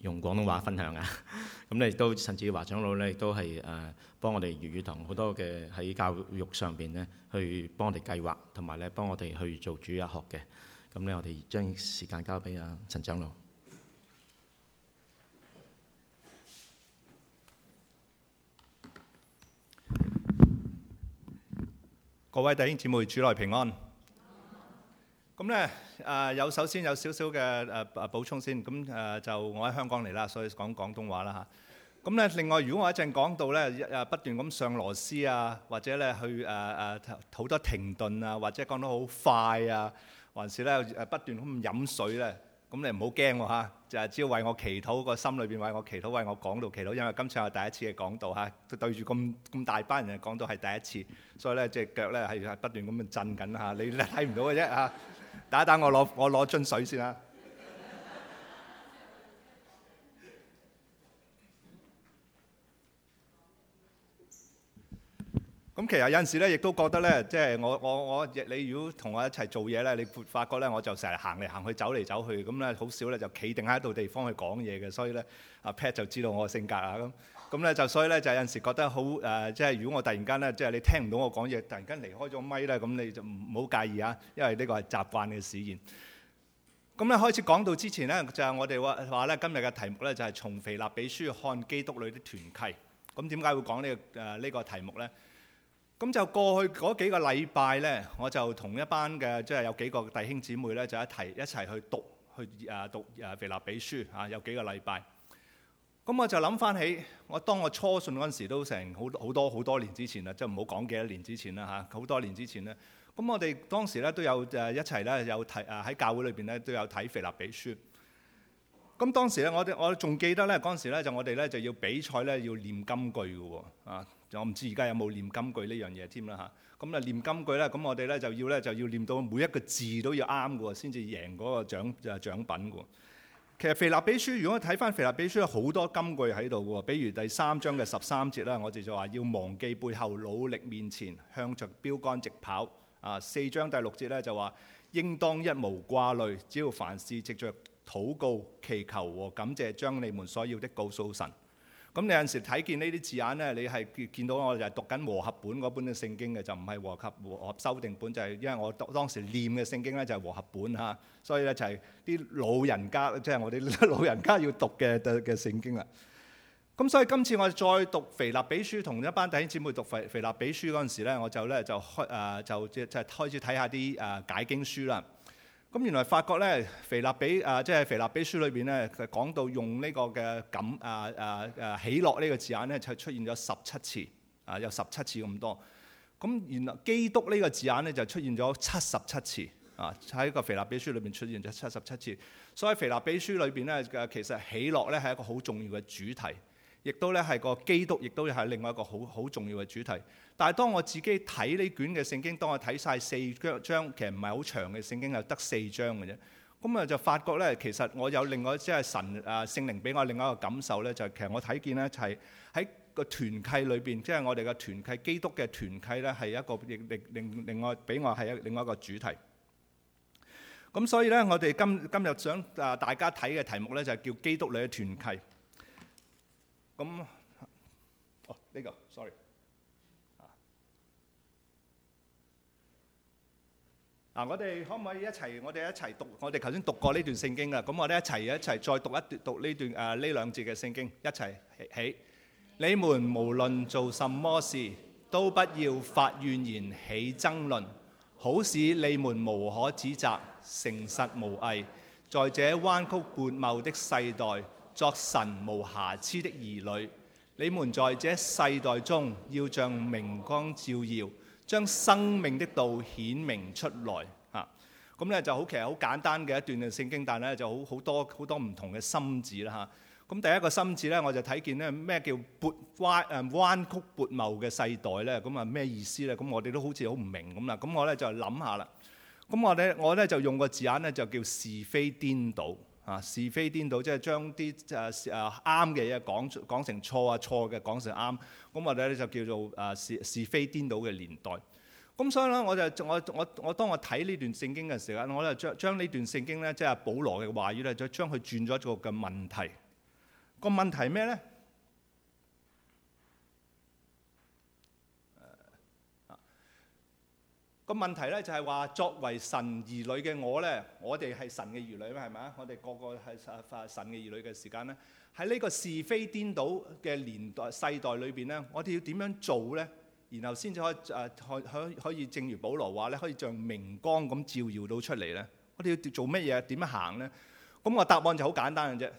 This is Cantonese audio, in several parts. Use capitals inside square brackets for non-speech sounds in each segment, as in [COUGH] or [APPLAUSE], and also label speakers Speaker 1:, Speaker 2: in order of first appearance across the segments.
Speaker 1: 用廣東話分享啊！咁咧亦都，志華長老咧亦都係誒、呃、幫我哋粵語堂好多嘅喺教育上邊咧，去幫我哋計劃，同埋咧幫我哋去做主日學嘅。咁咧，我哋將時間交俾阿、啊、陳長老。各位弟兄姊妹，主內平安。咁咧，啊有首先有少少嘅誒誒補充先，咁誒就我喺香港嚟啦，所以講廣東話啦嚇。咁咧，另外如果我一陣講到咧，誒不斷咁上螺絲啊，或者咧去誒誒好多停頓啊，或者講到好快啊，還是咧誒不斷咁飲水咧，咁你唔好驚喎嚇，就係只要為我祈禱個心裏邊為我祈禱，為我講道祈禱，因為今次係第一次嘅講道嚇，對住咁咁大班人講道係第一次，所以咧隻腳咧係係不斷咁震緊嚇，你睇唔到嘅啫嚇。打一打我攞我攞樽水先啦，啊。咁 [LAUGHS] 其實有陣時咧，亦都覺得咧，即係我我我，你如果同我一齊做嘢咧，你發覺咧，我就成日行嚟行去，走嚟走去，咁咧好少咧就企定喺度地方去講嘢嘅，所以咧阿 Pat 就知道我嘅性格啊咁。咁咧就所以咧就有陣時覺得好誒，即係如果我突然間咧，即係你聽唔到我講嘢，突然間離開咗咪咧，咁你就唔好介意啊，因為呢個係習慣嘅事現。咁咧開始講到之前咧，就係我哋話話咧今日嘅題目咧就係從腓立比書看基督裡的團契。咁點解會講呢個誒呢個題目咧？咁就過去嗰幾個禮拜咧，我就同一班嘅即係有幾個弟兄姊妹咧，就一齊一齊去讀去誒讀誒腓立比書啊，有幾個禮拜。咁我就諗翻起，我當我初信嗰陣時，都成好好多好多年之前啦，即係唔好講幾多年之前啦嚇，好多年之前咧。咁我哋當時咧都有就一齊咧有睇啊喺教會裏邊咧都有睇《腓立比書》。咁當時咧，我哋我仲記得咧嗰陣時咧，就我哋咧就要比賽咧要念金句嘅喎啊！我唔知而家有冇念、啊、念金句呢樣嘢添啦嚇。咁啊念金句咧，咁我哋咧就要咧就要念到每一個字都要啱嘅喎，先至贏嗰個獎，獎品嘅喎。其實《腓立比書》如果睇翻《腓立比書》有好多金句喺度嘅喎，比如第三章嘅十三節啦，我哋就話要忘記背後，努力面前，向着標竿直跑。啊，四章第六節咧就話應當一無掛慮，只要凡事藉著禱告、祈求和感謝，將你們所要的告訴神。咁你有陣時睇見呢啲字眼咧，你係見到我就係讀緊和合本嗰本嘅聖經嘅，就唔係和合和合修訂本，就係因為我當當時念嘅聖經咧就係和合本嚇，所以咧就係啲老人家，即係我哋老人家要讀嘅嘅聖經啦。咁所以今次我哋再讀《腓立比書》，同一班弟兄姊妹讀《腓腓立比書》嗰陣時咧，我就咧就、呃、就、就、就開誒就即即係開始睇下啲誒解經書啦。咁原來發覺咧，腓立比啊，即係腓立比書裏邊咧，講到用呢個嘅感啊啊啊喜樂呢個字眼咧、啊，就出現咗十七次啊，有十七次咁多。咁原來基督呢個字眼咧，就出現咗七十七次啊，喺個腓立比書裏邊出現咗七十七次。所以腓立比書裏邊咧嘅其實喜樂咧係一個好重要嘅主題。亦都咧係個基督，亦都係另外一個好好重要嘅主題。但係當我自己睇呢卷嘅聖經，當我睇晒四章，其實唔係好長嘅聖經，係得四章嘅啫。咁啊就發覺咧，其實我有另外即係神啊聖靈俾我另外一個感受咧，就係其實我睇見咧就係喺個團契裏邊，即係我哋嘅團契，基督嘅團契咧係一個亦另另外俾我係另外一個主題。咁所以咧，我哋今今日想啊大家睇嘅題目咧就係叫基督裏嘅團契。咁，呢、嗯這個，sorry。啊，嗱，我哋可唔可以一齊？我哋一齊讀，我哋頭先讀過呢段聖經啦。咁、嗯、我哋一齊一齊再讀一讀讀一段，讀呢段誒呢兩節嘅聖經，一齊起，起。起 [NOISE] 你們無論做什麼事，都不要發怨言起爭論，好使你們無可指責，誠實無偽，在這彎曲悖謬的世代。作神無瑕疵的兒女，你們在這世代中要像明光照耀，將生命的道顯明出來。吓，咁咧就好其實好簡單嘅一段聖經，但係咧就好好多好多唔同嘅心字啦。吓，咁第一個心字咧，我就睇見咧咩叫悖彎誒彎曲悖謬嘅世代咧，咁啊咩意思咧？咁我哋都好似好唔明咁啦。咁我咧就諗下啦。咁我咧我咧就用個字眼咧就叫是非顛倒。啊是非顛倒，即係將啲誒誒啱嘅嘢講講成錯啊，錯嘅講成啱，咁我哋咧就叫做誒是、啊是、啊、是非顛倒嘅年代。咁、嗯、所以咧，我就我我我當我睇呢段聖經嘅時間，我就將將呢段聖經咧即係保羅嘅話語咧，就將佢轉咗一個嘅問題。個問題咩咧？個問題咧就係話，作為神兒女嘅我咧，我哋係神嘅兒女咧，係咪啊？我哋個個係神嘅兒女嘅時間咧，喺呢個是非顛倒嘅年代世代裏邊咧，我哋要點樣做咧，然後先至可誒可可可以正如保羅話咧，可以像明光咁照耀到出嚟咧。我哋要做乜嘢？點樣行咧？咁我答案就好簡單嘅啫，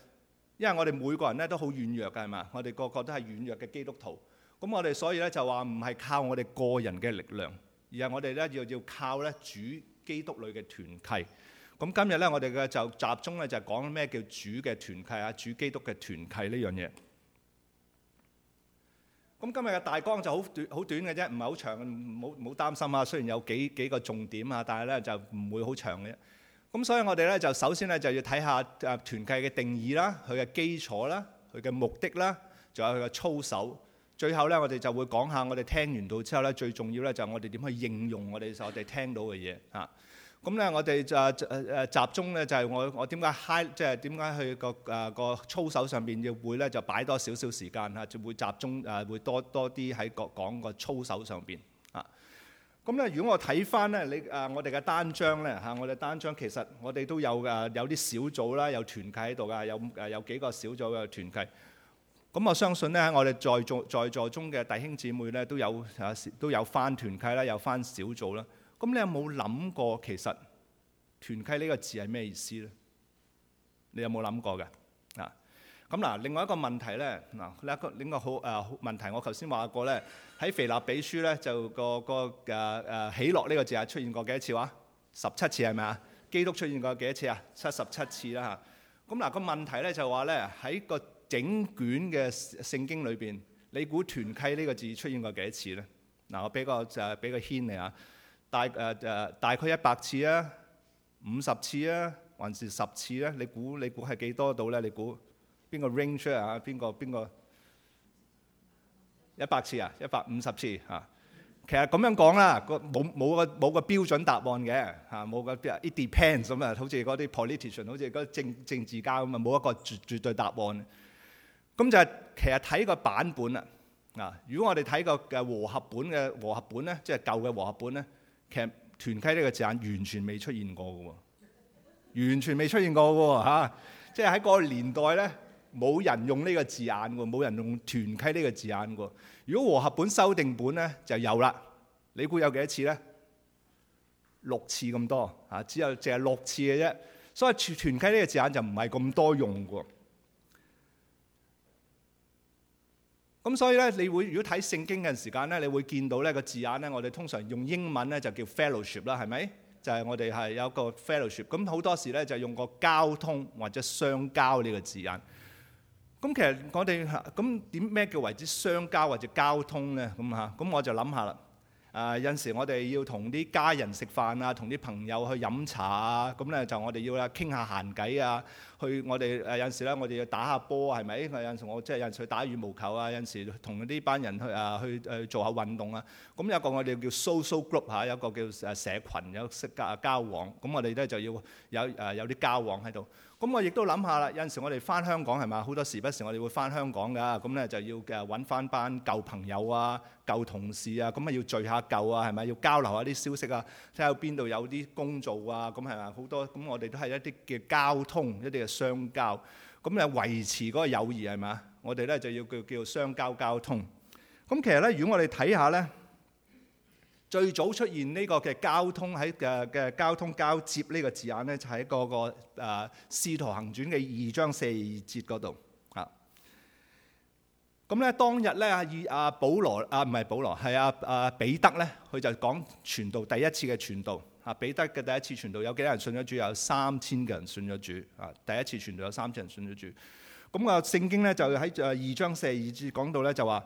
Speaker 1: 因為我哋每個人咧都好軟弱㗎，係嘛？我哋個個都係軟弱嘅基督徒。咁我哋所以咧就話唔係靠我哋個人嘅力量。而係我哋咧要要靠咧主基督裏嘅團契，咁今日咧我哋嘅就集中咧就講咩叫主嘅團契啊，主基督嘅團契呢樣嘢。咁今日嘅大綱就好短好短嘅啫，唔係好長，唔好唔好擔心啊。雖然有幾幾個重點啊，但係咧就唔會好長嘅啫。咁所以我哋咧就首先咧就要睇下啊團契嘅定義啦，佢嘅基礎啦，佢嘅目的啦，仲有佢嘅操守。最後咧，我哋就會講下我哋聽完到之後咧，最重要咧就係我哋點去應用我哋所我哋聽到嘅嘢啊。咁咧、啊就是，我哋就誒誒集中咧，就係我我點解 hi 即係點解去個誒、啊、個操守上邊要會咧，就擺多少少時間啊，就會集中誒、啊，會多多啲喺個講個操守上邊啊。咁咧，如果我睇翻咧，你誒、啊、我哋嘅單張咧嚇、啊，我哋單張其實我哋都有誒有啲小組啦，有團契喺度噶，有誒有幾個小組嘅團契。咁我相信咧，我哋在座在座中嘅弟兄姊妹咧，都有啊，都有翻團契啦，有翻小組啦。咁你有冇諗過其實團契呢個字係咩意思咧？你有冇諗過嘅啊？咁嗱，另外一個問題咧，嗱，另一個另一個好誒問題，我頭先話過咧，喺腓立比書咧，就個個誒誒喜樂呢個字啊出現過幾多次話？十七次係咪啊？基督出現過幾多次啊？七十七次啦嚇。咁嗱，個問題咧就話咧喺個。整卷嘅聖經裏邊，你估團契呢個字出現過幾多次咧？嗱，我俾個就係俾個 hint 你啊，大誒誒、呃、大概一百次啊，五十次啊，還是十次咧？你估你估係幾多度咧？你估邊個 range 啊？邊個邊個一百次啊？一百五十次嚇、啊啊？其實咁樣講啦，個冇冇個冇個標準答案嘅嚇，冇個 it depends 咁啊，好似嗰啲 politician，好似嗰政政治家咁啊，冇一個絕絕對答案。咁就係其實睇個版本啦，啊！如果我哋睇個嘅和合本嘅和合本咧，即係舊嘅和合本咧，其實團契呢個字眼完全未出現過嘅喎，完全未出現過嘅喎嚇！即係喺嗰個年代咧，冇人用呢個字眼喎，冇人用團契呢個字眼喎。如果和合本修訂本咧就有啦，你估有幾多次咧？六次咁多嚇，啊，只有淨係六次嘅啫。所以團團契呢個字眼就唔係咁多用嘅。咁所以咧，你會如果睇聖經嘅時間咧，你會見到呢個字眼咧，我哋通常用英文咧就叫 fellowship 啦，係咪？就係我哋係有一個 fellowship。咁好多時咧就用個交通或者相交呢個字眼。咁其實我哋咁點咩叫為之相交或者交通咧？咁嚇，咁我就諗下啦。啊，uh, 有陣時我哋要同啲家人食飯啊，同啲朋友去飲茶啊，咁咧就我哋要啊傾下閒偈啊，去我哋誒有陣時咧，我哋要打下波啊，係咪？有陣時我即係、就是、有陣時去打羽毛球啊，有陣時同呢班人去啊去誒做下運動啊。咁有一個我哋叫 social group 嚇、啊，有一個叫誒社群，有識交交往。咁我哋咧就要有誒有啲交往喺度。咁我亦都諗下啦，有陣時我哋翻香港係嘛？好多時不時我哋會翻香港噶，咁咧就要嘅揾翻班舊朋友啊、舊同事啊，咁啊要聚下舊啊，係咪要交流下啲消息啊？睇下邊度有啲工做啊？咁係咪好多，咁我哋都係一啲嘅交通，一啲嘅相交，咁咧維持嗰個友誼係嘛，我哋咧就要叫叫做相交交通。咁其實咧，如果我哋睇下咧。最早出現呢個嘅交通喺嘅嘅交通交接呢個字眼咧，就喺、是那個個誒啊《使徒行傳》嘅二章四二節嗰度啊。咁、嗯、咧當日咧，阿阿保羅啊，唔係保羅，係阿阿彼得咧，佢就講傳道第一次嘅傳道啊。彼得嘅第一次傳道，、啊、次傳道有幾多人信咗主？有三千個人信咗主啊。第一次傳道有三千人信咗主。咁啊，聖、嗯啊、經咧就喺誒二章四二節講到咧，就話。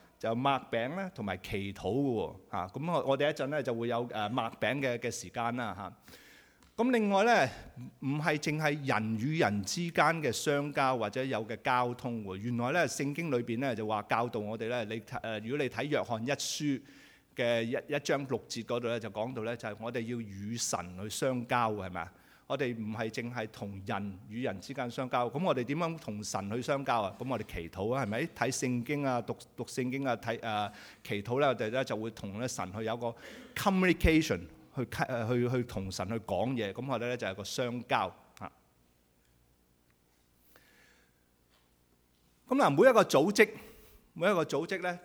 Speaker 1: 就擘餅咧，同埋祈禱嘅喎，咁、啊嗯、我我哋一陣咧就會有誒擘餅嘅嘅時間啦，嚇、啊。咁、嗯、另外咧，唔係淨係人與人之間嘅相交或者有嘅交通嘅、啊，原來咧聖經裏邊咧就話教導我哋咧，你誒、呃、如果你睇約翰一書嘅一一，一章六節嗰度咧，就講到咧就係、是、我哋要與神去相交嘅係咪啊？我哋唔係淨係同人與人之間相交，咁我哋點樣同神去相交啊？咁我哋祈禱啊，係咪？睇聖經啊，讀讀聖經啊，睇誒祈禱咧，我哋咧就會同咧神去有個 communication，去去去同神去講嘢，咁我哋咧就係個相交啊。咁嗱，每一個組織，每一個組織咧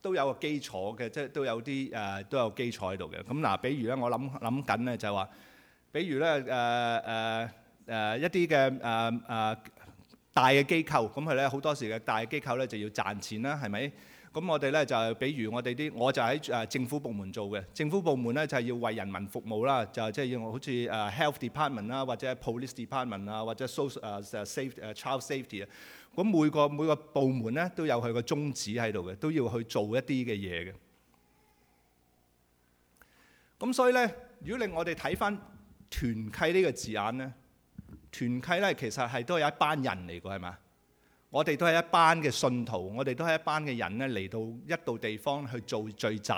Speaker 1: 都有個基礎嘅，即係都有啲誒都有基礎喺度嘅。咁嗱，比如咧，我諗諗緊咧就係話。比如咧，誒誒誒一啲嘅誒誒大嘅機構，咁佢咧好多時嘅大機構咧就要賺錢啦，係咪？咁我哋咧就係，比如我哋啲，我就喺誒政府部門做嘅，政府部門咧就係要為人民服務啦，就係即係要好似誒 Health Department 啦，或者 Police Department 啊，或者 social 誒誒 safety 誒 Child Safety 啊。咁每個每個部門咧都有佢個宗旨喺度嘅，都要去做一啲嘅嘢嘅。咁所以咧，如果令我哋睇翻。團契呢個字眼呢，團契呢其實係都係一班人嚟嘅，係嘛？我哋都係一班嘅信徒，我哋都係一班嘅人呢嚟到一度地方去做聚集。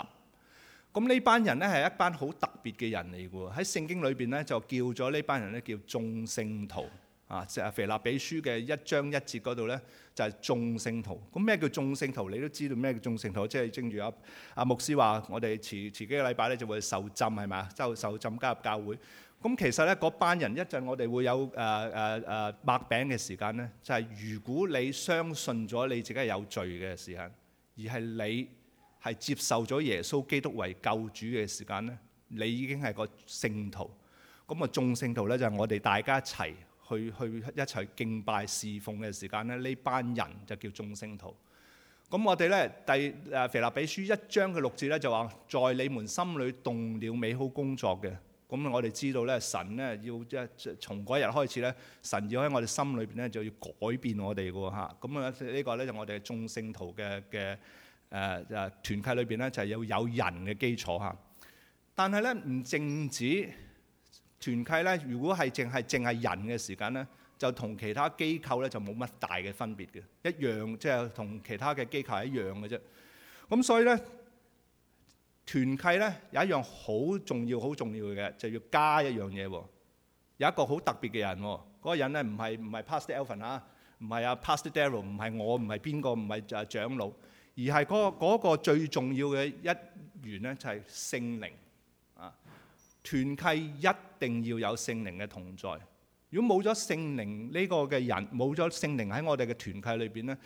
Speaker 1: 咁呢班人呢係一班好特別嘅人嚟嘅喎。喺聖經裏邊呢，就叫咗呢班人呢叫眾聖徒啊，就係腓立比書嘅一章一節嗰度呢，就係眾聖徒。咁咩叫眾聖徒？你都知道咩叫眾聖徒？即係正如阿、啊、阿、啊、牧師話，我哋遲遲幾個禮拜呢就會受浸係嘛？就受浸加入教會。咁其實咧，嗰班人一陣，我哋會有誒誒誒擘餅嘅時間咧，就係如果你相信咗你自己係有罪嘅時間，而係你係接受咗耶穌基督為救主嘅時間咧，你已經係個聖徒。咁啊，眾聖徒咧就係我哋大家一齊去去一齊敬拜侍奉嘅時間咧，呢班人就叫眾聖徒。咁我哋咧第誒腓立比書一章嘅六節咧就話，在你們心裡動了美好工作嘅。咁我哋知道咧，神咧要即係從嗰一日開始咧，神要喺我哋心裏邊咧就要改變我哋嘅喎。咁啊呢、這個咧就我哋眾聖徒嘅嘅誒誒團契裏邊咧就係要有人嘅基礎嚇、啊。但係咧唔淨止團契咧，如果係淨係淨係人嘅時間咧，就同其他機構咧就冇乜大嘅分別嘅，一樣即係同其他嘅機構係一樣嘅啫。咁所以咧。團契咧有一樣好重要、好重要嘅，就要加一樣嘢喎。有一個好特別嘅人喎，嗰個人咧唔係唔係 Pastor Elvin 啊，唔係啊 Pastor Darryl，唔係我，唔係邊個，唔係啊長老，而係嗰嗰個最重要嘅一員咧就係聖靈啊！團契一定要有聖靈嘅同在。如果冇咗聖靈呢個嘅人，冇咗聖靈喺我哋嘅團契裏邊咧。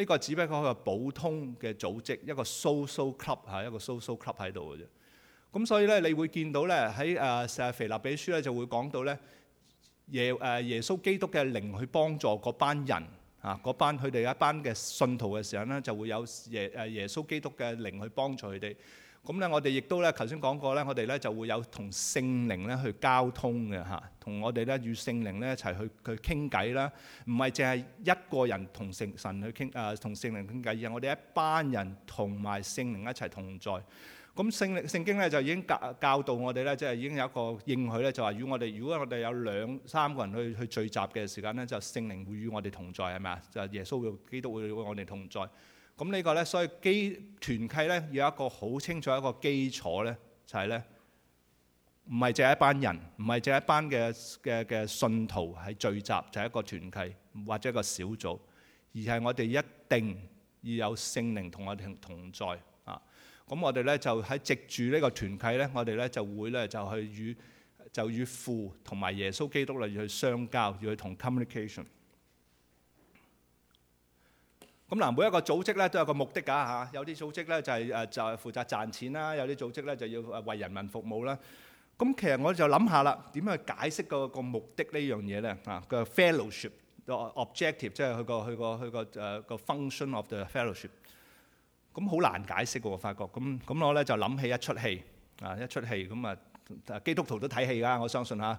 Speaker 1: 呢個只不過係一個普通嘅組織，一個 social club 嚇，一個 social club 喺度嘅啫。咁所以咧，你會見到咧，喺誒《聖腓立比書》咧就會講到咧，耶誒耶穌基督嘅靈去幫助嗰班人啊，嗰班佢哋一班嘅信徒嘅時候咧，就會有耶誒耶穌基督嘅靈去幫助佢哋。咁咧，我哋亦都咧，頭先講過咧，我哋咧就會有同聖靈咧去交通嘅嚇，同我哋咧與聖靈咧一齊去去傾偈啦。唔係淨係一個人同聖神，神去傾，誒同聖靈傾偈，而係我哋一班人同埋聖靈一齊同在。咁聖聖經咧就已經教教導我哋咧，即係已經有一個應許咧，就話與我哋，如果我哋有兩三個人去去聚集嘅時間咧，就聖靈會與我哋同在，係咪啊？就係、是、耶穌會、基督會與我哋同在。咁呢個咧，所以基團契咧有一個好清楚一個基礎咧，就係咧，唔係淨係一班人，唔係淨係一班嘅嘅嘅信徒係聚集就係一個團契或者一個小組，而係我哋一定要有聖靈同我哋同在啊！咁我哋咧就喺藉住呢個團契咧，我哋咧就會咧就去與就與父同埋耶穌基督要去相交，要去同 communication。咁嗱，每一個組織咧都有個目的㗎嚇，有啲組織咧就係誒就係負責賺錢啦，有啲組織咧就要誒為人民服務啦。咁其實我就諗下啦，點樣去解釋個目的呢樣嘢咧？嚇，個 fellowship objective 即係佢個佢個佢個誒個 function of the fellowship。咁好難解釋㗎我發覺。咁咁我咧就諗起一出戲啊，一出戲咁啊，基督徒都睇戲㗎，我相信嚇。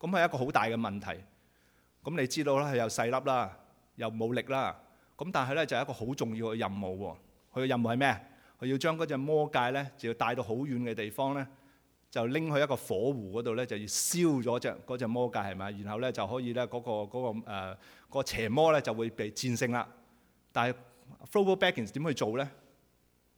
Speaker 1: 咁係一個好大嘅問題。咁你知道啦，佢又細粒啦，又冇力啦。咁但係咧，就係一個好重要嘅任務喎。佢嘅任務係咩？佢要將嗰隻魔戒咧，就要帶到好遠嘅地方咧，就拎去一個火湖嗰度咧，就要燒咗隻嗰隻魔戒係咪？然後咧就可以咧，嗰個嗰個誒個邪魔咧就會被戰勝啦。但係 Frodo Baggins 點去做咧？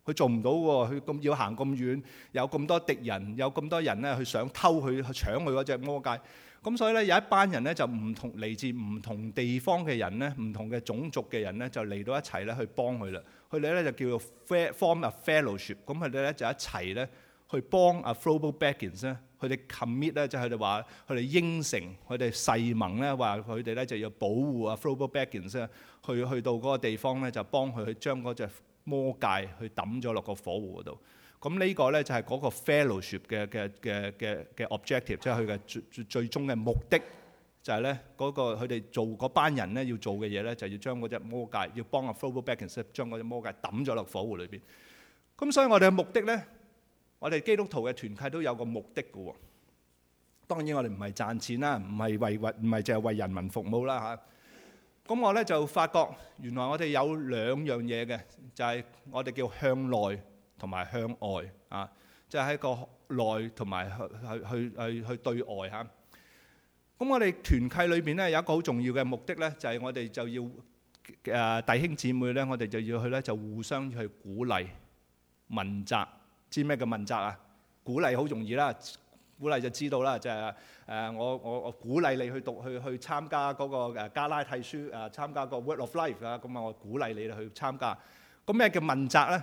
Speaker 1: 佢做唔到喎。佢咁要行咁遠，有咁多敵人，有咁多人咧去想偷佢搶佢嗰隻魔戒。咁所以咧有一班人咧就唔同嚟自唔同地方嘅人咧，唔同嘅種族嘅人咧就嚟到一齊咧去幫佢啦。佢哋咧就叫做 form a fellowship，咁佢哋咧就一齊咧去幫阿 Frodo Baggins 咧。佢哋 commit 咧就佢哋話佢哋應承，佢哋誓盟咧話佢哋咧就要保護阿 Frodo Baggins 咧，去去到嗰個地方咧就幫佢去將嗰隻魔戒去抌咗落個火湖度。咁呢個咧就係嗰個 fellowship 嘅嘅嘅嘅嘅 objective，即係佢嘅最最最終嘅目的，就係咧嗰個佢哋做嗰班人咧要做嘅嘢咧，就要將嗰隻魔戒要幫阿 flow back in 將嗰隻魔戒揼咗落火湖裏邊。咁所以我哋嘅目的咧，我哋基督徒嘅團契都有個目的㗎喎。當然我哋唔係賺錢啦，唔係為為唔係淨係為人民服務啦嚇。咁我咧就發覺原來我哋有兩樣嘢嘅，就係我哋叫向內。同埋向外啊，即係喺個內同埋去去去去去對外嚇。咁我哋團契裏邊咧有一個好重要嘅目的咧，就係我哋就要誒弟兄姊妹咧，我哋就要去咧就互相去鼓勵問責，知咩叫問責啊？鼓勵好容易啦，鼓勵就知道啦，就係誒我我我鼓勵你去讀去去參加嗰個誒加拉太書誒參加個 Word of Life 啊，咁啊我鼓勵你哋去參加。咁咩叫問責咧？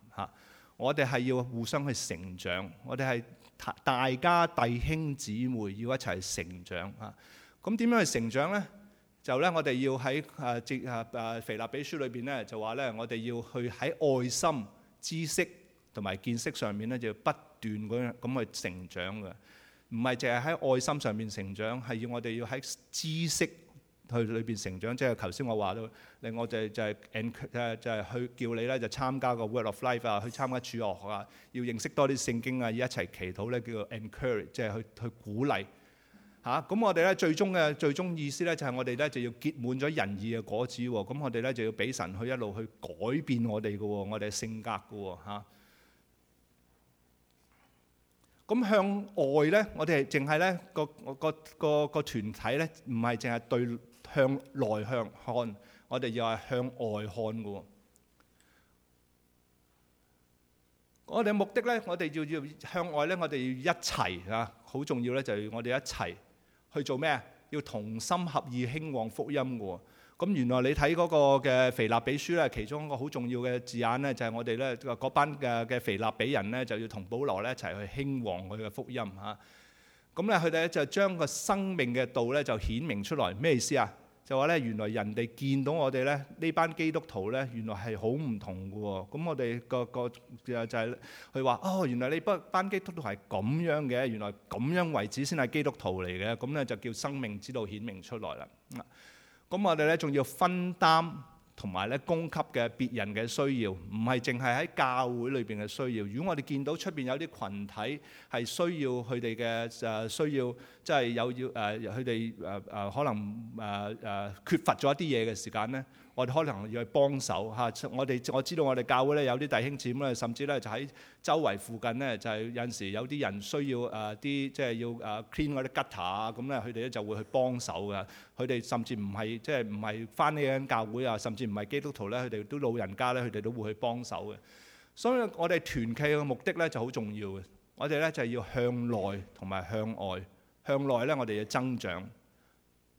Speaker 1: 我哋係要互相去成長，我哋係大家弟兄姊妹要一齊去成長啊。咁點樣去成長呢？就咧，我哋要喺誒，接誒誒，腓、啊、立比書裏邊咧就話咧，我哋要去喺愛心、知識同埋見識上面咧，就要不斷咁樣咁去成長嘅，唔係淨係喺愛心上面成長，係要我哋要喺知識。去裏邊成長，即係頭先我話到，令我哋就係 encourage，就係去叫你咧就參加個 World of Life 啊，去參加主學啊，要認識多啲聖經啊，要一齊祈禱咧，叫做 encourage，即係去去鼓勵嚇。咁我哋咧最終嘅最終意思咧就係我哋咧就要結滿咗仁義嘅果子喎。咁我哋咧就要俾神去一路去改變我哋嘅喎，我哋嘅性格嘅喎嚇。咁向外咧，我哋係淨係咧，個個個個團體咧，唔係淨係對。向內向看，我哋又係向外看嘅。我哋目的咧，我哋要要向外咧，我哋要一齊啊！好重要咧，就要我哋一齊去做咩？要同心合意興旺福音嘅。咁原來你睇嗰個嘅腓立比書咧，其中一個好重要嘅字眼咧，就係我哋咧嗰班嘅嘅腓立比人咧，就要同保羅咧一齊去興旺佢嘅福音嚇。咁咧佢哋咧就將個生命嘅道咧就顯明出來，咩意思啊？就話咧，原來人哋見到我哋咧，呢班基督徒咧，原來係好唔同㗎喎、哦。咁、嗯、我哋個個就就係佢話，哦，原來你班班基督徒係咁樣嘅，原來咁樣為止先係基督徒嚟嘅。咁、嗯、咧就叫生命之道顯明出來啦。咁、嗯嗯、我哋咧仲要分擔。同埋咧，供給嘅別人嘅需要，唔係淨係喺教會裏邊嘅需要。如果我哋見到出邊有啲群體係需要佢哋嘅誒，需要即係、就是、有要誒，佢哋誒誒可能誒誒、呃呃、缺乏咗一啲嘢嘅時間咧。我可能要去幫手吓，我哋我知道我哋教會咧有啲弟兄姊妹，甚至咧就喺周圍附近咧，就係有陣時有啲人需要誒啲即係要誒 clean 嗰啲 gutter 啊咁咧，佢哋咧就會去幫手嘅。佢哋甚至唔係即係唔係返呢間教會啊，甚至唔係基督徒咧，佢哋都老人家咧，佢哋都會去幫手嘅。所以我哋團契嘅目的咧就好重要嘅。我哋咧就係要向內同埋向外，向內咧我哋嘅增長。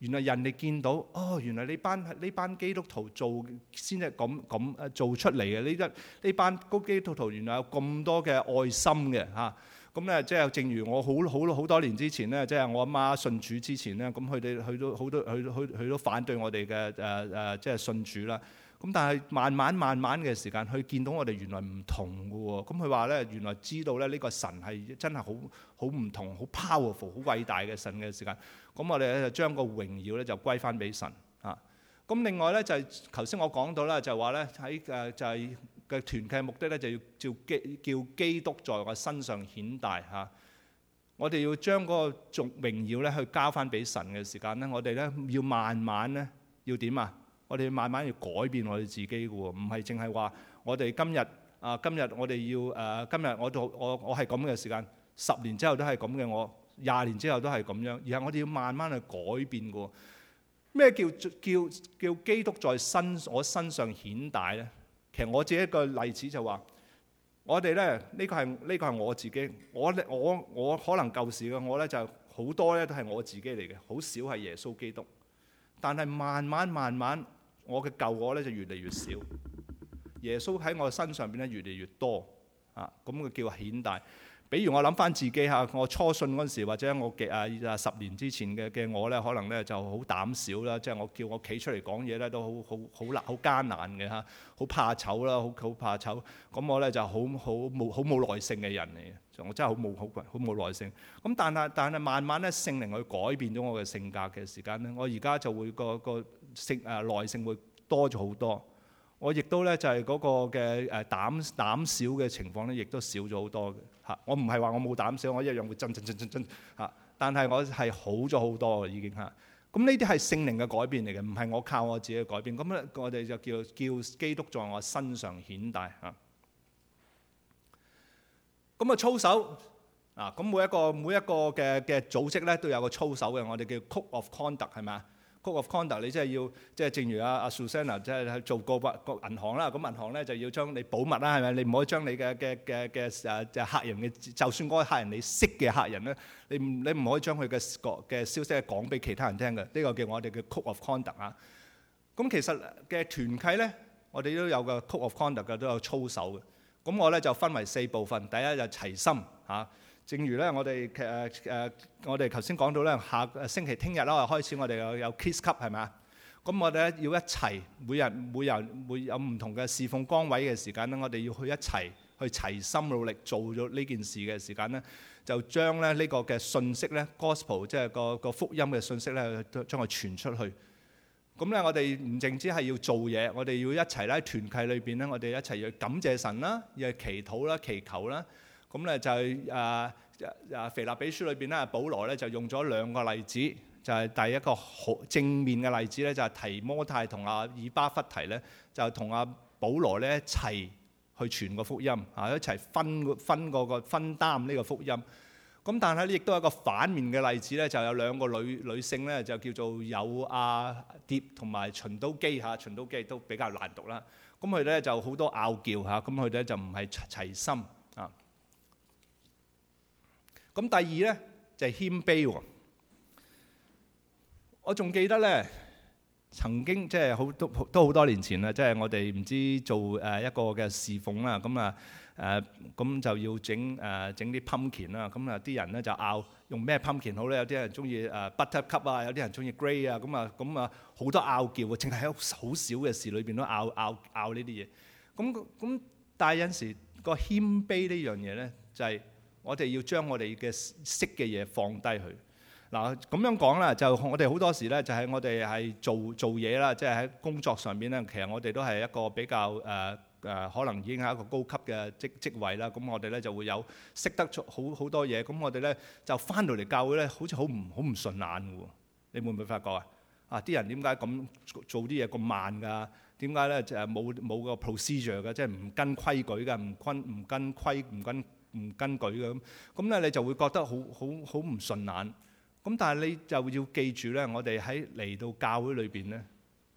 Speaker 1: 原來人哋見到哦，原來呢班呢班基督徒做先係咁咁，誒做出嚟嘅呢一呢班嗰基督徒原來有咁多嘅愛心嘅嚇，咁咧即係正如我好好好，好多年之前咧，即係我阿媽信主之前咧，咁佢哋去到好多佢佢佢都反對我哋嘅誒誒，即係信主啦。咁但係慢慢慢慢嘅時間，佢見到我哋原來唔同嘅喎。咁佢話咧，原來知道咧呢個神係真係好好唔同，好 powerful，好偉大嘅神嘅時間。咁我哋咧就將個榮耀咧就歸翻俾神啊。咁另外咧就係頭先我講到咧就話咧喺誒就係嘅團契嘅目的咧就要叫基叫基督在我身上顯大嚇。我哋要將嗰個榮榮耀咧去交翻俾神嘅時間咧，我哋咧要慢慢咧要點啊？我哋要慢慢要改變我哋自己嘅喎、哦，唔係淨係話我哋今日啊、呃，今日我哋要誒、呃，今日我做我我係咁嘅時間，十年之後都係咁嘅我，廿年之後都係咁樣，而係我哋要慢慢去改變嘅喎、哦。咩叫叫叫，叫基督在身我身上顯大呢？其實我自己一個例子就話，我哋咧呢、呢個係呢、呢個係我自己，我我我可能舊時嘅我呢，就好多呢都係我自己嚟嘅，好少係耶穌基督。但係慢慢慢慢。我嘅舊我咧就越嚟越少，耶穌喺我身上邊咧越嚟越多啊！咁佢叫顯大。比如我諗翻自己嚇，我初信嗰陣時或者我嘅啊十年之前嘅嘅我咧，可能咧就好膽小啦，即係我叫我企出嚟講嘢咧都好好好難好艱難嘅嚇，好怕醜啦，好好怕醜。咁我咧就好好冇好冇耐性嘅人嚟嘅，我真係好冇好好冇耐性。咁但係但係慢慢咧聖靈去改變咗我嘅性格嘅時間咧，我而家就會個個。個性誒耐性會多咗好多，我亦都咧就係嗰個嘅誒膽膽小嘅情況咧，亦都少咗好多嘅嚇。我唔係話我冇膽小，我一樣會震震震震震震震，但係我係好咗好多嘅已經嚇。咁呢啲係聖靈嘅改變嚟嘅，唔係我靠我自己嘅改變。咁咧，我哋就叫叫基督在我身上顯大嚇。咁啊、嗰個、操守啊，咁每一個每一個嘅嘅組織咧都有個操守嘅，我哋叫 code of conduct 係咪？Code of conduct，你真係要，即係正如啊啊 Susan 啊，即係去做過個個銀行啦。咁銀行咧就要將你保密啦，係咪？你唔可以將你嘅嘅嘅嘅誒就客人嘅，就算嗰個客人你識嘅客人咧，你唔你唔可以將佢嘅個嘅消息講俾其他人聽嘅。呢個叫我哋嘅 code of conduct 啊。咁其實嘅團契咧，我哋都有個 code of conduct 嘅，都有操守嘅。咁我咧就分為四部分。第一就齊心嚇。正如咧，我哋誒誒，我哋頭先講到咧，下星期聽日啦，開始我哋有有 Kids Cup 係咪？咁我哋咧要一齊，每日每日有唔同嘅侍奉崗位嘅時間咧，我哋要去一齊去齊心努力做咗呢件事嘅時間咧，就將咧呢個嘅信息咧，Gospel 即係個個福音嘅信息咧，將佢傳出去。咁咧，我哋唔淨止係要做嘢，我哋要一齊咧，團契裏邊咧，我哋一齊去感謝神啦，亦係祈禱啦、祈求啦。咁咧就誒誒《腓立比書》裏邊咧，保羅咧就用咗兩個例子，就係第一個好正面嘅例子咧，就係提摩太同阿以巴弗提咧，就同阿保羅咧一齊去傳個福音啊，一齊分分個個分擔呢個福音。咁但係咧，亦都有一個反面嘅例子咧，就有兩個女女性咧，就叫做有阿蝶同埋秦都基嚇，秦都基都比較難讀啦。咁佢咧就好多拗撬嚇，咁佢咧就唔係齊心。咁第二咧就係謙卑喎，我仲記得咧曾經即係好多都好多年前啦，即係我哋唔知做誒一個嘅侍奉啦，咁啊誒咁就要整誒整啲 pumpkin 啦，咁啊啲人咧就拗用咩 pumpkin 好咧，有啲人中意誒 buttercup 啊，有啲人中意 grey 啊，咁啊咁啊好多拗撬嘅，淨係喺好少嘅事裏邊都拗拗拗呢啲嘢。咁咁但係有陣時個謙卑呢樣嘢咧就係。我哋要將我哋嘅識嘅嘢放低佢。嗱，咁樣講啦，就我哋好多時咧，就係我哋係做做嘢啦，即係喺工作上邊咧，其實我哋都係一個比較誒誒，可能已經係一個高級嘅職職位啦。咁我哋咧就會有識得出好好多嘢。咁我哋咧就翻到嚟教會咧，好似好唔好唔順眼嘅喎？你會唔會發覺啊？啊，啲人點解咁做啲嘢咁慢㗎？點解咧就係冇冇個 procedure 嘅，即係唔跟規矩㗎，唔均唔跟規唔跟。唔根據嘅。咁，咁咧你就會覺得好好好唔順眼。咁但係你就要記住咧，我哋喺嚟到教會裏邊咧，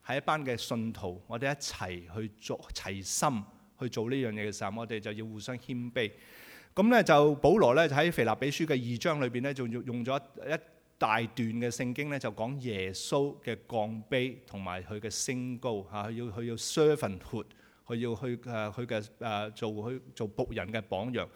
Speaker 1: 喺一班嘅信徒，我哋一齊去作齊心去做呢樣嘢嘅時候，我哋就要互相謙卑。咁咧就保羅咧就喺腓立比書嘅二章裏邊咧，就用用咗一大段嘅聖經咧，就講耶穌嘅降卑同埋佢嘅升高吓，佢要佢要 servanthood 佢要去誒佢嘅誒做去做僕人嘅榜樣。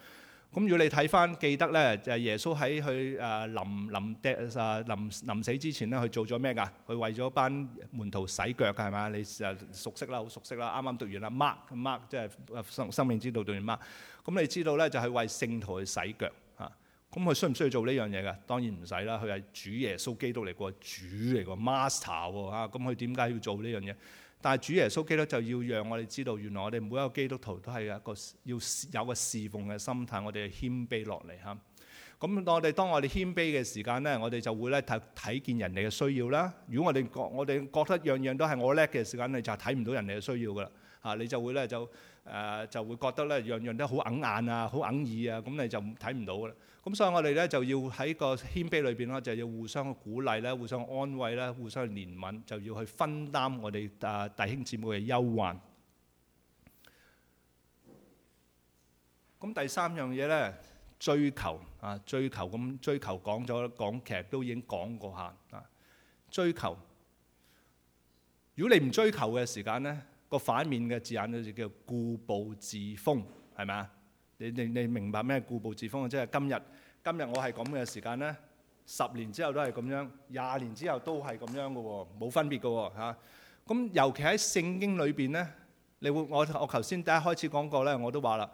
Speaker 1: 咁如果你睇翻，記得咧就係耶穌喺佢誒臨臨啲啊臨臨死之前咧，佢做咗咩噶？佢為咗班門徒洗腳噶係嘛？你誒熟悉啦，好熟悉啦，啱啱讀完啦。Mark Mark 即係生生命之道讀完 Mark。咁你知道咧就係為聖徒去洗腳啊？咁佢需唔需要做呢樣嘢噶？當然唔使啦。佢係主耶穌基督嚟個主嚟個 master 喎嚇。咁佢點解要做呢樣嘢？但係主耶穌基督就要讓我哋知道，原來我哋每一個基督徒都係一個要有個侍奉嘅心態，我哋要謙卑落嚟嚇。咁我哋當我哋謙卑嘅時間呢，我哋就會咧睇睇見人哋嘅需要啦。如果我哋覺我哋覺得樣樣都係我叻嘅時間，你就睇唔到人哋嘅需要噶啦嚇，你就會咧就。誒就會覺得咧，樣樣都好哽眼啊，好哽耳啊，咁你就睇唔到噶啦。咁所以我哋咧就要喺個謙卑裏邊咯，就係要互相鼓勵咧，互相安慰咧，互相憐憫，就要去分擔我哋啊弟兄姊妹嘅憂患。咁第三樣嘢咧，追求啊，追求咁追求講咗，講劇都已經講過下啊，追求。如果你唔追求嘅時間咧？個反面嘅字眼就叫固步自封，係咪啊？你你你明白咩？固步自封啊，即係今日今日我係講嘅時間咧，十年之後都係咁樣，廿年之後都係咁樣嘅喎，冇分別嘅喎嚇。咁尤其喺聖經裏邊咧，你會我我頭先第一開始講過咧，我都話啦，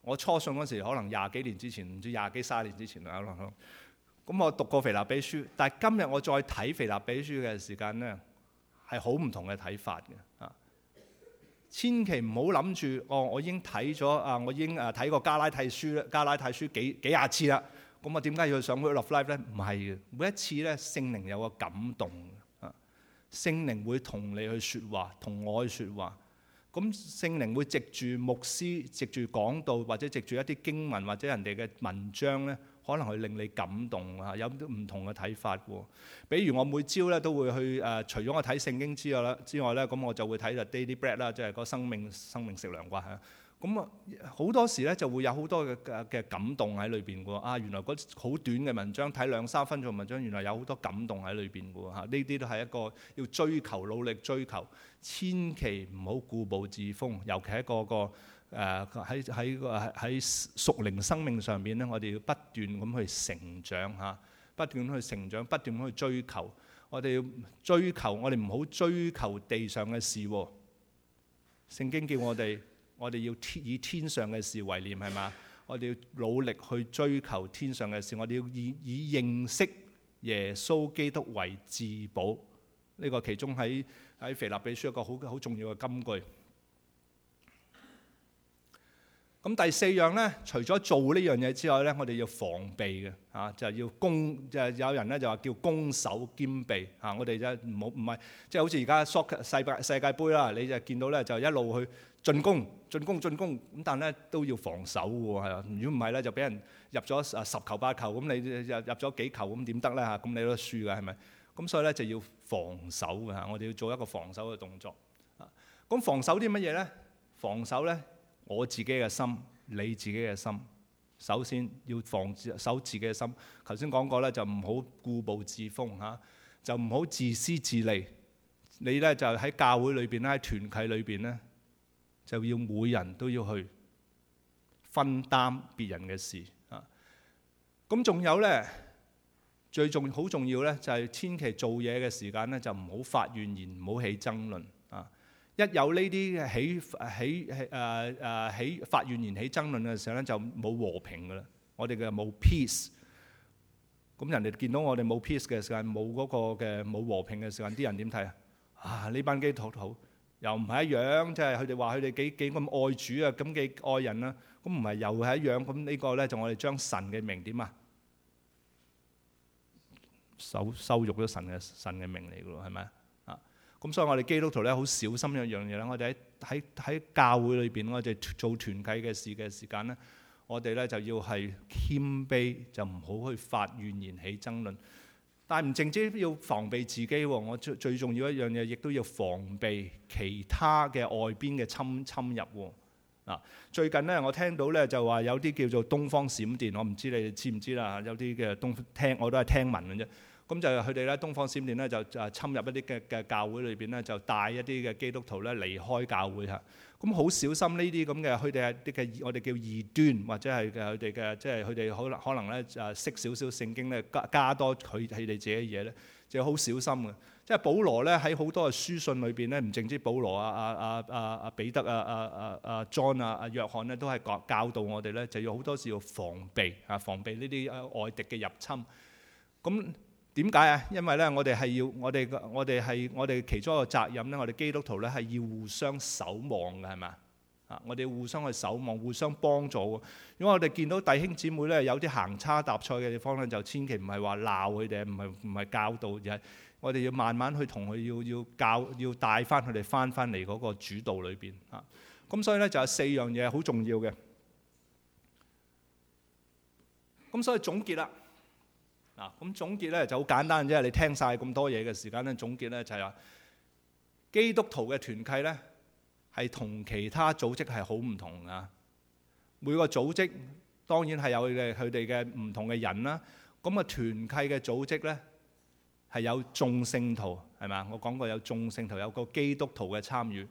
Speaker 1: 我初信嗰時可能廿幾年之前，唔知廿幾卅年之前啊。咁我讀過《腓立比書》，但係今日我再睇《腓立比書》嘅時間咧，係好唔同嘅睇法嘅啊。千祈唔好諗住，我我已經睇咗啊，我已經誒睇過加拉太書，加拉太書幾幾廿次啦。咁啊，點解要去上去落 live 咧？唔係嘅，每一次咧，聖靈有個感動啊，聖靈會同你去説話，同我去説話。咁聖靈會藉住牧師、藉住講道或者藉住一啲經文或者人哋嘅文章咧。可能會令你感動啊，有唔同嘅睇法喎。比如我每朝咧都會去誒、呃，除咗我睇聖經之外咧，之外咧，咁我就會睇就 Daily Bread 啦，即係個生命生命食糧啩嚇。咁啊，好多時咧就會有好多嘅嘅嘅感動喺裏邊喎。啊，原來嗰好短嘅文章，睇兩三分鐘嘅文章，原來有好多感動喺裏邊喎嚇。啊，呢啲都係一個要追求、努力、追求，千祈唔好固步自封，尤其係個個。誒喺喺個喺屬靈生命上面，咧，我哋要不斷咁去成長嚇，不斷咁去成長，不斷咁去追求。我哋要追求，我哋唔好追求地上嘅事，哦。聖經叫我哋，我哋要以天上嘅事為念，係嘛？我哋要努力去追求天上嘅事。我哋要以以認識耶穌基督為至寶。呢、這個其中喺喺腓立比書一個好好重要嘅金句。咁第四樣咧，除咗做呢樣嘢之外咧，我哋要防備嘅嚇，就係要攻，就係有人咧就話叫攻守兼備嚇。我哋就唔好唔係，即係好似而家 soccer 世界世界盃啦，你就見到咧就一路去進攻、進攻、進攻，咁但咧都要防守嘅喎。如果唔係咧，就俾人入咗啊十球八球，咁你入入咗幾球咁點得咧嚇？咁你都輸㗎，係咪？咁所以咧就要防守嘅嚇，我哋要做一個防守嘅動作啊。咁防守啲乜嘢咧？防守咧？我自己嘅心，你自己嘅心，首先要防止守自己嘅心。頭先講過咧，就唔好固步自封嚇，就唔好自私自利。你咧就喺教會裏邊咧，喺團契裏邊咧，就要每人都要去分擔別人嘅事啊。咁仲有咧，最重好重要咧，就係，就係千祈做嘢嘅時間咧，就唔好發怨言，唔好起爭論。一有呢啲喺喺誒誒喺法院引起爭論嘅時候咧，就冇和平噶啦，我哋嘅冇 peace。咁人哋見到我哋冇 peace 嘅時候，冇嗰個嘅冇和平嘅時候，啲人點睇啊？啊呢班基督徒又唔係一樣，即係佢哋話佢哋幾幾咁愛主啊，咁嘅愛人啊，咁唔係又係一樣？咁呢個咧就我哋將神嘅名點啊？收收辱咗神嘅神嘅名嚟噶咯，係咪？咁所以我哋基督徒咧好小心一樣嘢咧，我哋喺喺喺教會裏邊，我哋做團契嘅事嘅時間咧，我哋咧就要係謙卑，就唔好去發怨言起爭論。但係唔淨止要防備自己，我最最重要一樣嘢，亦都要防備其他嘅外邊嘅侵侵入喎。啊，最近咧我聽到咧就話有啲叫做東方閃電，我唔知你哋知唔知啦，有啲嘅東方聽我都係聽聞嘅啫。咁就佢哋咧，東方閃電咧就啊，侵入一啲嘅嘅教會裏邊咧，就帶一啲嘅基督徒咧離開教會嚇。咁好小心呢啲咁嘅，佢哋啲嘅我哋叫異端，或者係佢哋嘅，即係佢哋可能可能咧啊識少少聖經咧，加加多佢佢哋自己嘅嘢咧，就係好小心嘅。即係保羅咧喺好多嘅書信裏邊咧，唔淨止保羅啊啊啊啊啊彼得啊啊啊啊 John 啊啊約翰咧，都係教教導我哋咧，就要好多時要防備啊，防備呢啲外敵嘅入侵。咁點解啊？因為咧，我哋係要我哋個我哋係我哋其中一個責任咧，我哋基督徒咧係要互相守望嘅，係咪啊？我哋互相去守望，互相幫助。如果我哋見到弟兄姊妹咧有啲行差踏錯嘅地方咧，就千祈唔係話鬧佢哋，唔係唔係教導，而係我哋要慢慢去同佢要要教，要帶翻佢哋翻翻嚟嗰個主道裏邊啊。咁所以咧就有四樣嘢好重要嘅。咁所以總結啦。啊！咁總結咧就好簡單即係，你聽曬咁多嘢嘅時間咧，總結咧就係話基督徒嘅團契咧係同其他組織係好唔同噶。每個組織當然係有嘅佢哋嘅唔同嘅人啦。咁啊團契嘅組織咧係有眾聖徒係咪？我講過有眾聖徒有個基督徒嘅參與，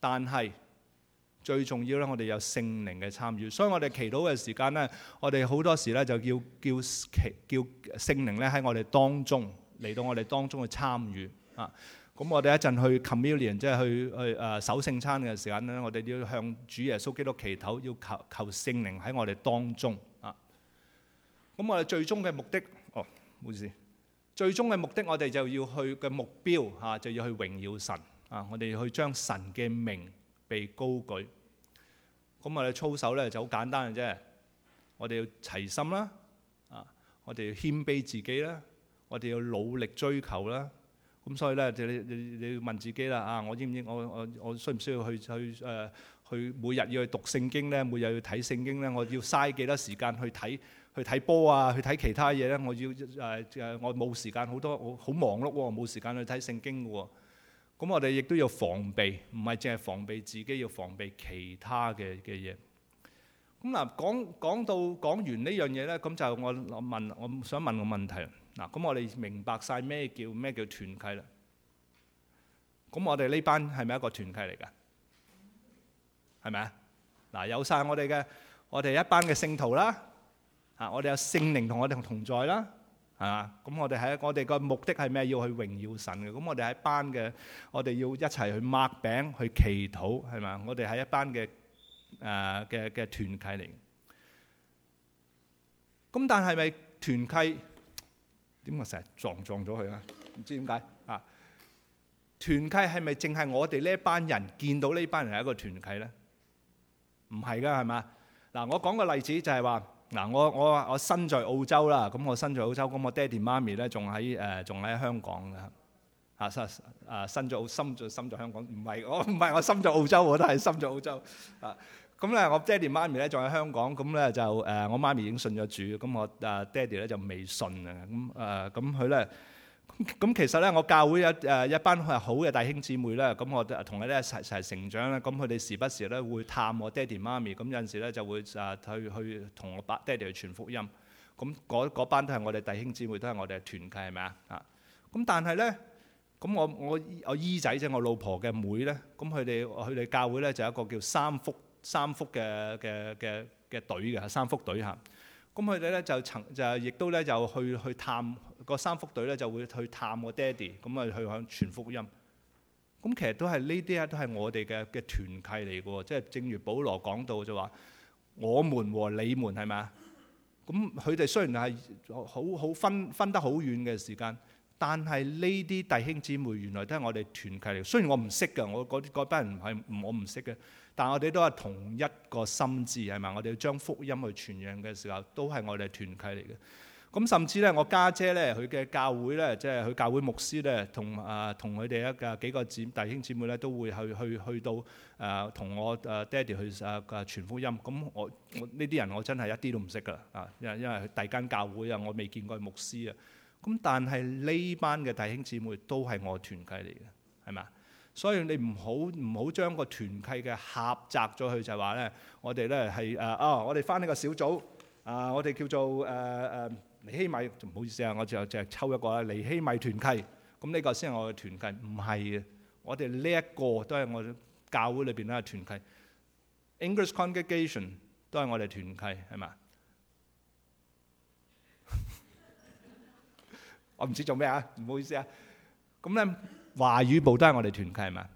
Speaker 1: 但係。最重要咧，我哋有聖靈嘅參與，所以我哋祈禱嘅時間咧，我哋好多時咧就要叫叫祈叫聖靈咧喺我哋當中嚟到我哋當中去參與啊。咁我哋一陣去 communion，即係去去誒守聖餐嘅時間咧，我哋要向主耶穌基督祈禱，要求求聖靈喺我哋當中啊。咁我哋最終嘅目的，哦唔好意思，最終嘅目的我哋就要去嘅目標啊，就要去榮耀神啊。我哋要去將神嘅名被高舉。咁我哋操守咧就好簡單嘅啫，我哋要齊心啦，啊，我哋要謙卑自己啦，我哋要努力追求啦。咁所以咧，就你你你要問自己啦，啊，我知唔知我我我需唔需要去去誒去每日要去讀聖經咧？每日要睇聖經咧？我要嘥幾多時間去睇去睇波啊？去睇其他嘢咧？我要誒誒我冇時間，好多我好忙碌喎，冇時間去睇聖經嘅喎。咁我哋亦都要防備，唔係淨係防備自己，要防備其他嘅嘅嘢。咁嗱，講講到講完呢樣嘢咧，咁就我，我問，我想問個問題啦。嗱，咁我哋明白曬咩叫咩叫團契啦。咁我哋呢班係咪一個團契嚟噶？係咪啊？嗱，有曬我哋嘅，我哋一班嘅聖徒啦，啊，我哋有聖靈同我哋同在啦。係嘛？咁、啊、我哋喺我哋個目的係咩？要去榮耀神嘅。咁我哋喺班嘅，我哋要一齊去擘餅、去祈禱，係嘛？我哋係一班嘅誒嘅嘅團契嚟。咁但係咪團契？點解成日撞撞咗佢啊？唔知點解啊？團契係咪淨係我哋呢一班人見到呢班人係一個團契咧？唔係㗎，係嘛？嗱，我講個例子就係話。嗱，我我我身在澳洲啦，咁我身在澳洲，咁我爹哋媽咪咧仲喺誒仲喺香港嘅，啊身啊身在澳深在深在香港，唔係我唔係我深在澳洲喎，我都係深在澳洲啊，咁咧我爹哋媽咪咧仲喺香港，咁咧就誒我媽咪已經信咗主，咁我啊爹哋咧就未信啊，咁誒咁佢咧。咁其實咧，我教會有誒一班係好嘅弟兄姊妹咧，咁我同佢哋一齊齊成長咧，咁佢哋時不時咧會探我爹哋媽咪，咁有陣時咧就會誒去去同我爸爹哋去傳福音。咁嗰嗰班都係我哋弟兄姊妹，都係我哋嘅團契，係咪啊？啊！咁但係咧，咁我我我姨仔即係我老婆嘅妹咧，咁佢哋佢哋教會咧就有一個叫三福三福嘅嘅嘅嘅隊嘅三福隊嚇。咁佢哋咧就曾就係亦都咧就去去探。個三福隊咧就會去探我爹哋，咁啊去響傳福音。咁其實都係呢啲啊，都係我哋嘅嘅團契嚟嘅喎。即係正如保羅講到就話，我們和你們係咪啊？咁佢哋雖然係好好分分得好遠嘅時間，但係呢啲弟兄姊妹原來都係我哋團契嚟。雖然我唔識嘅，我嗰班人唔係我唔識嘅，但係我哋都係同一個心志，係咪？我哋要將福音去傳揚嘅時候，都係我哋嘅團契嚟嘅。咁甚至咧，我家姐咧，佢嘅教會咧，即係佢教會牧師咧，同啊同佢哋一噶幾個子弟兄姊妹咧，都會去去去到誒同我誒爹哋去誒傳福音。咁我我呢啲人我真係一啲都唔識噶啊！因因為第一間教會啊，我未見過牧師啊。咁但係呢班嘅弟兄姊妹都係我團契嚟嘅，係嘛？所以你唔好唔好將個團契嘅狹窄咗去，就係話咧，我哋咧係誒哦，我哋翻呢個小組啊，我哋叫做誒誒。希米唔好，這個、 [LAUGHS] [LAUGHS] 好意思啊，我就就抽一個啦。尼希米團契，咁呢個先係我嘅團契，唔係嘅。我哋呢一個都係我教會裏邊咧團契，English Congregation 都係我哋團契，係嘛？我唔知做咩啊，唔好意思啊。咁咧華語部都係我哋團契，係嘛？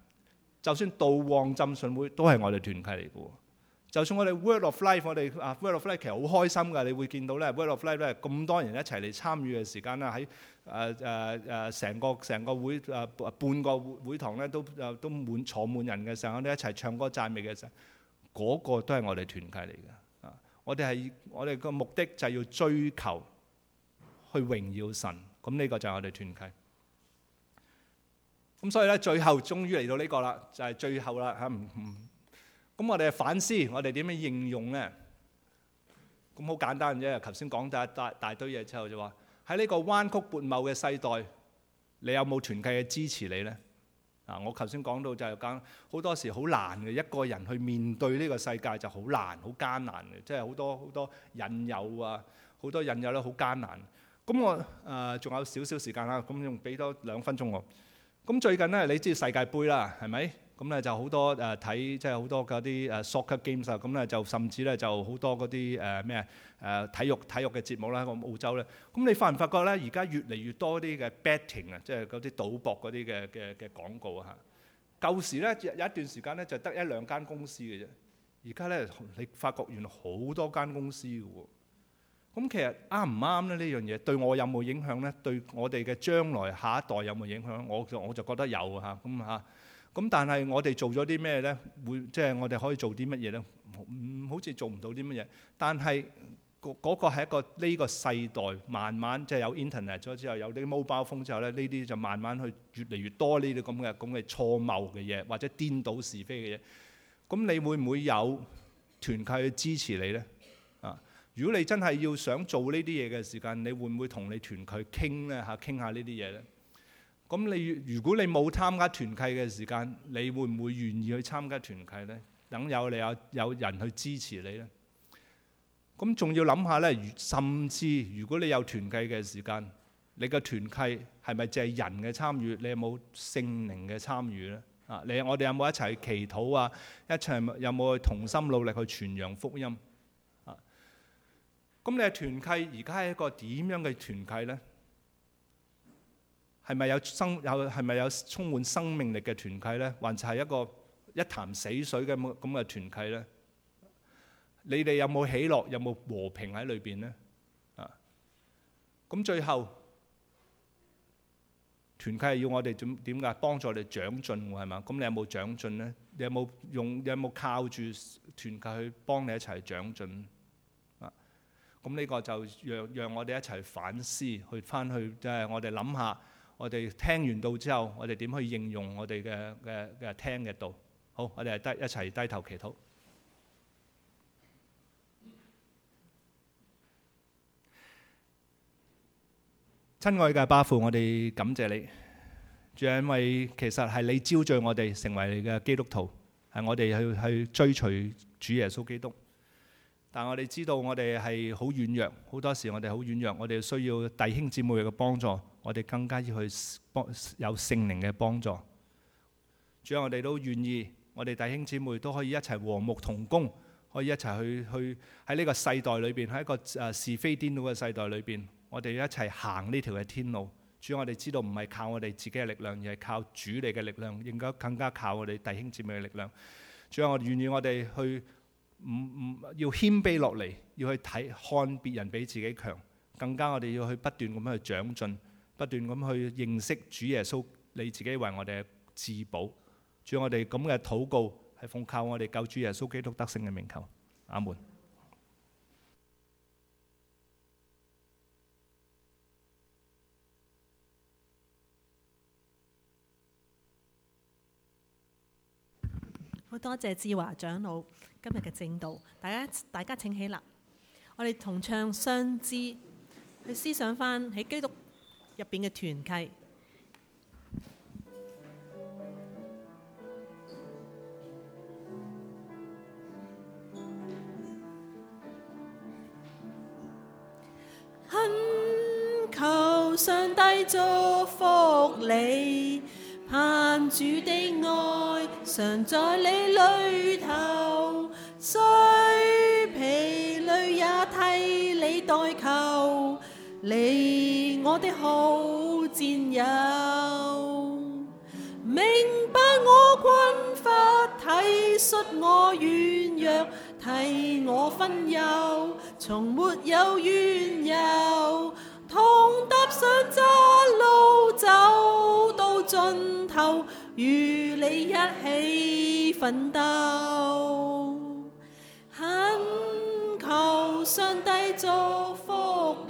Speaker 1: 就算道旺浸信會都係我哋團契嚟嘅喎。就算我哋 World of Life，我哋啊 World of Life 其實好開心㗎，你會見到咧 World of Life 咧咁多人一齊嚟參與嘅時間啦，喺誒誒誒成個成個會誒、呃、半個會堂咧都誒都滿坐滿人嘅時候，我哋一齊唱歌讚美嘅時候，嗰、嗰個都係我哋團契嚟嘅。啊，我哋係我哋個目的就係要追求去榮耀神，咁呢個就係我哋團契。咁所以咧，最後終於嚟到呢個啦，就係、係、最後啦嚇。嗯嗯。咁我哋反思，我哋點樣應用咧？咁好簡單啫，頭先講大大堆嘢之後就話，喺呢個彎曲悖謬嘅世代，你有冇團契嘅支持你咧？啊，我頭先講到就係講好多時好難嘅一個人去面對呢個世界就好難，好艱難嘅，即係好多好多引誘啊，好多引誘都好艱難。咁我誒仲、呃、有少少時間啦，咁用俾多兩分鐘我。咁最近咧，你知世界盃啦，係咪？咁咧就好多誒睇、呃，即係好多嗰啲誒 soccer games 啊！咁咧就甚至咧就好多嗰啲誒咩誒體育體育嘅節目啦。咁澳洲咧，咁你發唔發覺咧？而家越嚟越多啲嘅 betting 啊，即係嗰啲賭博嗰啲嘅嘅嘅廣告啊！嚇，舊時咧有一段時間咧就得一兩間公司嘅啫，而家咧你發覺原來好多間公司嘅喎。咁其實啱唔啱咧？呢樣嘢對我有冇影響咧？對我哋嘅將來下一代有冇影響？我我就覺得有啊！咁、啊、嚇。啊咁但係我哋做咗啲咩咧？會即係我哋可以做啲乜嘢咧？唔好似做唔到啲乜嘢。但係嗰個係一個呢個世代慢慢即係有 internet 咗之後，有啲 mobile phone 之後咧，呢啲就慢慢去越嚟越多呢啲咁嘅咁嘅錯謬嘅嘢，或者顛倒是非嘅嘢。咁你會唔會有團契去支持你咧？啊，如果你真係要想做呢啲嘢嘅時間，你會唔會同你團契傾咧吓傾下呢啲嘢咧？咁你如果你冇參加團契嘅時間，你會唔會願意去參加團契呢？等有你有有人去支持你呢。咁仲要諗下呢，甚至如果你有團契嘅時間，你嘅團契係咪淨係人嘅參與？你有冇聖靈嘅參與呢？啊，你我哋有冇一齊祈禱啊？一齊有冇去同心努力去傳揚福音啊？咁你嘅團契而家係一個點樣嘅團契呢？係咪有生有係咪有充滿生命力嘅團契咧？還是係一個一潭死水嘅咁咁嘅團契咧？你哋有冇喜樂？有冇和平喺裏邊咧？啊！咁最後團契係要我哋點點噶？幫助我哋長進喎，係嘛？咁你有冇長進咧？你有冇用？有冇靠住團契去幫你一齊長進？啊！咁呢個就讓讓我哋一齊反思，去返去即係我哋諗下。我哋聽完道之後，我哋點去應用我哋嘅嘅嘅聽嘅道？好，我哋係低一齊低頭祈禱。親愛嘅巴父，我哋感謝你，主要因為其實係你招聚我哋成為你嘅基督徒，係我哋去去追隨主耶穌基督。但我哋知道我哋係好軟弱，好多時我哋好軟弱，我哋需要弟兄姊妹嘅幫助。我哋更加要去幫有聖靈嘅幫助。主啊，我哋都願意，我哋弟兄姊妹都可以一齊和睦同工，可以一齊去去喺呢個世代裏邊，喺一個誒是非顛倒嘅世代裏邊，我哋一齊行呢條嘅天路。主啊，我哋知道唔係靠我哋自己嘅力量，而係靠主嚟嘅力量，應該更加靠我哋弟兄姊妹嘅力量。主啊，我哋願意我哋去唔唔要謙卑落嚟，要，要去睇看別人比自己強，更加我哋要去不斷咁樣去長進。不斷咁去認識主耶穌，你自己為我哋嘅至寶。主，我哋咁嘅禱告係奉靠我哋救主耶穌基督得勝嘅名求。阿門。
Speaker 2: 好，多謝志華長老今日嘅證道，大家，大家請起立。我哋同唱相知，去思想返喺基督入邊嘅團契，懇 [MUSIC] 求上帝祝福你，盼主的愛常在你裏頭，雖疲累也替你代求。你我的好戰友，明白我軍法，體恤我軟弱，替我分憂，從沒有怨尤。同踏上窄路走到盡頭，與你一起奮鬥，懇求上帝祝福。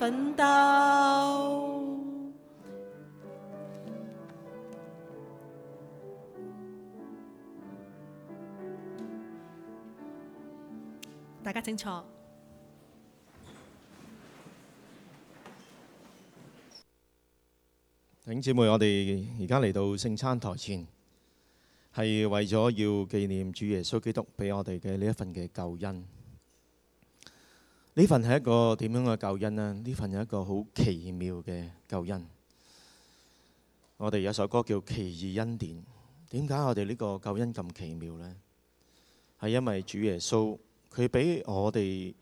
Speaker 2: 奮鬥！大家請坐。
Speaker 1: 弟兄姊妹，我哋而家嚟到聖餐台前，係為咗要紀念主耶穌基督俾我哋嘅呢一份嘅救恩。呢份係一個點樣嘅救恩呢？呢份係一個好奇妙嘅救恩。我哋有首歌叫《奇異恩典》。點解我哋呢個救恩咁奇妙呢？係因為主耶穌佢俾我哋。